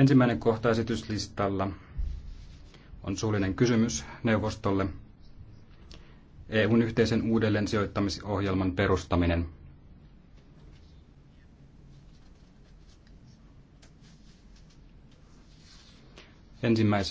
Ensimmäinen kohta esityslistalla on suullinen kysymys neuvostolle. EUn yhteisen uudelleen sijoittamisohjelman perustaminen. Ensimmäisenä